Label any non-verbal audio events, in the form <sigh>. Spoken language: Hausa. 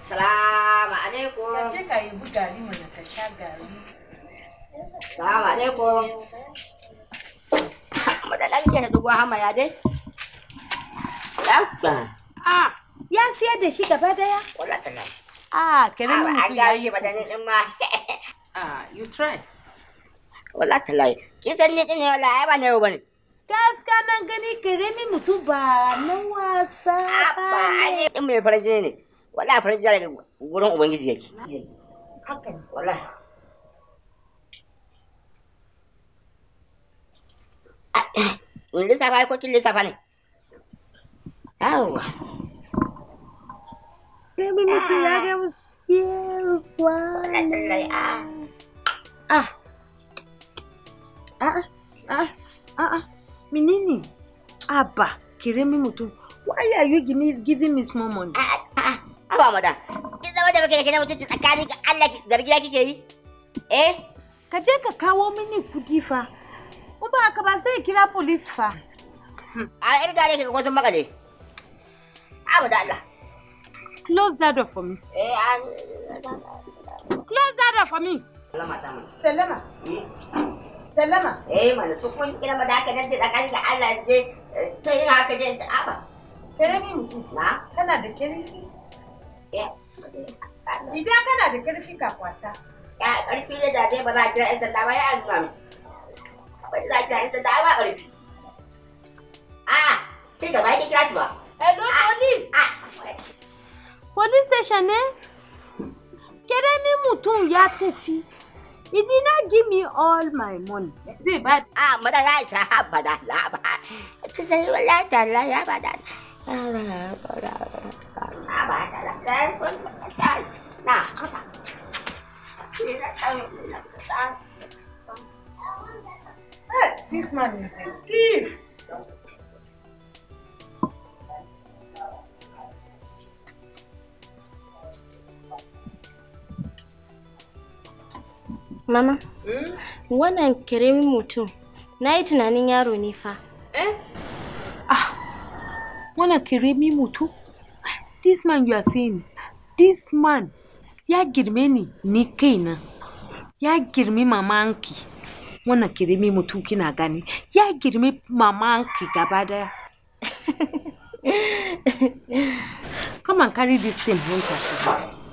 Salamu alaikum. Yanzu ka yi bugari mana ka sha gari. Salamu alaikum. Matsalar ke da dubu hama ya dai? Yabba. Ah, ya siyar da shi gaba daya? Wala tana. Ah, kenan mutum ya yi ba dani din ma. Ah, you try. Wala ta tana. san ni din ne wala ai ba ne ba ne. gaskiya nan gani karami mutum ba na wasa ba ne mai farin jini ne wala farin jini daga ubangiji yake <coughs> lissafa ko kin lissafa ne yawwa mutum ya ga musu ah ah ah, ah. minini Abba, kirimin mutu. Why are you giving me, giving me small money? Ah, ah, abba madam, kin zama da muke da kina mutunci tsakani ga Allah zargina Eh? Ka je ka kawo mini kudifa fa. Ko ba ka sai police fa. A yar gare ki wasu makale. Abba ah, Close that door for me. Eh, Close that door for me. Salama. Salama. Hmm? sallama eh mana su kun kira ma da aka danta da da Allah je ta yi haka je ta aba kirfi mutum Ma? kana da kirfi eh idan kana da kirfi ka kwata ya karfi da jaje ba za a kira yan sanda ba ya an mu. ba za a kira yan sanda ba karfi Ah, sai gaba ya kira ki ba hello police police station ne kiremi mutum ya tafi You did not give me all my money. See, but ah, mother, I have but I To say you like that, I have that. This man is a thief. Mama, mm. wannan kiremin mutum, na yi tunanin yaro ne fa. Eh? Ah, wannan kiremin mutum? This man you are seeing, this man ya girme ni ni kaina, ya girme anki. Wannan kiremin mutum kina gani, ya girme anki gaba daya. <laughs> Come and carry this thing home,